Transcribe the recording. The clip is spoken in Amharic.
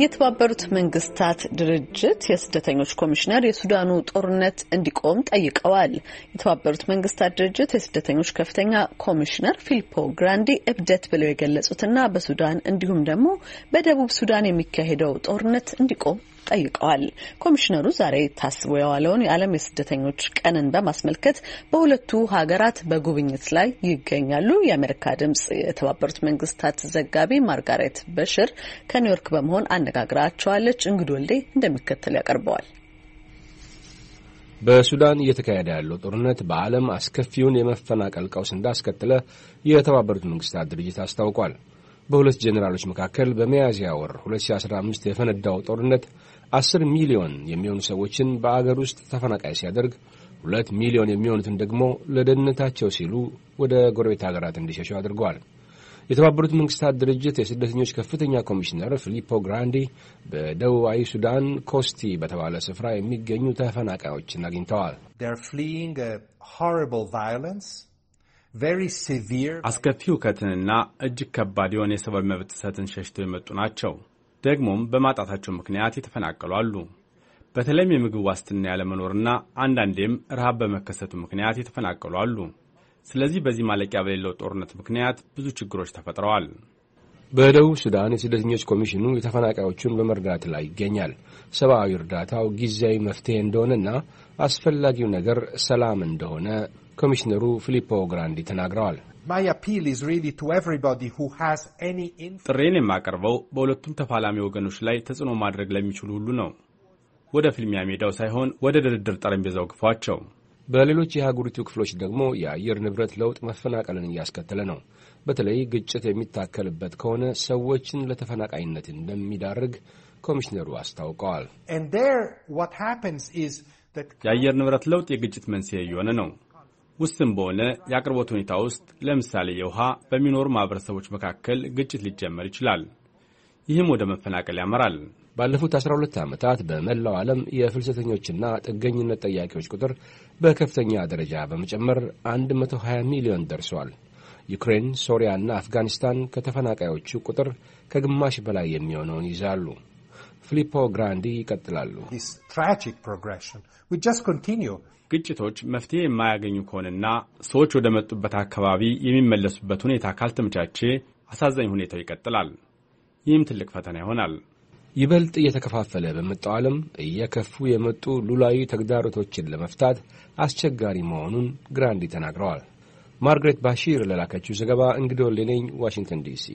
የተባበሩት መንግስታት ድርጅት የስደተኞች ኮሚሽነር የሱዳኑ ጦርነት እንዲቆም ጠይቀዋል። የተባበሩት መንግስታት ድርጅት የስደተኞች ከፍተኛ ኮሚሽነር ፊሊፖ ግራንዲ እብደት ብለው የገለጹትና በሱዳን እንዲሁም ደግሞ በደቡብ ሱዳን የሚካሄደው ጦርነት እንዲቆም ጠይቀዋል። ኮሚሽነሩ ዛሬ ታስቦ የዋለውን የዓለም የስደተኞች ቀንን በማስመልከት በሁለቱ ሀገራት በጉብኝት ላይ ይገኛሉ። የአሜሪካ ድምጽ የተባበሩት መንግስታት ዘጋቢ ማርጋሬት በሽር ከኒውዮርክ በመሆን አነጋግራቸዋለች። እንግድ ወልዴ እንደሚከተል ያቀርበዋል። በሱዳን እየተካሄደ ያለው ጦርነት በዓለም አስከፊውን የመፈናቀል ቀውስ እንዳስከተለ የተባበሩት መንግስታት ድርጅት አስታውቋል። በሁለት ጄኔራሎች መካከል በሚያዝያ ወር 2015 የፈነዳው ጦርነት አስር ሚሊዮን የሚሆኑ ሰዎችን በአገር ውስጥ ተፈናቃይ ሲያደርግ ሁለት ሚሊዮን የሚሆኑትን ደግሞ ለደህንነታቸው ሲሉ ወደ ጎረቤት ሀገራት እንዲሸሸው አድርገዋል። የተባበሩት መንግስታት ድርጅት የስደተኞች ከፍተኛ ኮሚሽነር ፊሊፖ ግራንዲ በደቡባዊ ሱዳን ኮስቲ በተባለ ስፍራ የሚገኙ ተፈናቃዮችን አግኝተዋል። አስከፊ ውከትንና እጅግ ከባድ የሆነ የሰብአዊ መብት ጥሰትን ሸሽተው የመጡ ናቸው። ደግሞም በማጣታቸው ምክንያት የተፈናቀሉ አሉ። በተለይም የምግብ ዋስትና ያለመኖርና አንዳንዴም ረሃብ በመከሰቱ ምክንያት የተፈናቀሉ አሉ። ስለዚህ በዚህ ማለቂያ በሌለው ጦርነት ምክንያት ብዙ ችግሮች ተፈጥረዋል። በደቡብ ሱዳን የስደተኞች ኮሚሽኑ የተፈናቃዮቹን በመርዳት ላይ ይገኛል። ሰብአዊ እርዳታው ጊዜያዊ መፍትሄ እንደሆነና አስፈላጊው ነገር ሰላም እንደሆነ ኮሚሽነሩ ፊሊፖ ግራንዲ ተናግረዋል። ጥሬን የማቀርበው በሁለቱም ተፋላሚ ወገኖች ላይ ተጽዕኖ ማድረግ ለሚችሉ ሁሉ ነው። ወደ ፍልሚያ ሜዳው ሳይሆን ወደ ድርድር ጠረጴዛው ግፏቸው። በሌሎች የሀገሪቱ ክፍሎች ደግሞ የአየር ንብረት ለውጥ መፈናቀልን እያስከተለ ነው። በተለይ ግጭት የሚታከልበት ከሆነ ሰዎችን ለተፈናቃይነት እንደሚዳርግ ኮሚሽነሩ አስታውቀዋል። የአየር ንብረት ለውጥ የግጭት መንስኤ እየሆነ ነው። ውስን በሆነ የአቅርቦት ሁኔታ ውስጥ ለምሳሌ የውሃ በሚኖሩ ማህበረሰቦች መካከል ግጭት ሊጀመር ይችላል። ይህም ወደ መፈናቀል ያመራል። ባለፉት 12 ዓመታት በመላው ዓለም የፍልሰተኞችና ጥገኝነት ጠያቂዎች ቁጥር በከፍተኛ ደረጃ በመጨመር 120 ሚሊዮን ደርሷል። ዩክሬን፣ ሶሪያና አፍጋኒስታን ከተፈናቃዮቹ ቁጥር ከግማሽ በላይ የሚሆነውን ይዛሉ። ፊሊፖ ግራንዲ ይቀጥላሉ። ግጭቶች መፍትሄ የማያገኙ ከሆነና ሰዎች ወደ መጡበት አካባቢ የሚመለሱበት ሁኔታ ካልተመቻቼ አሳዛኝ ሁኔታው ይቀጥላል። ይህም ትልቅ ፈተና ይሆናል። ይበልጥ እየተከፋፈለ በመጣው ዓለም እየከፉ የመጡ ሉላዊ ተግዳሮቶችን ለመፍታት አስቸጋሪ መሆኑን ግራንዲ ተናግረዋል። ማርግሬት ባሺር ለላከችው ዘገባ እንግዶ ሌነኝ ዋሽንግተን ዲሲ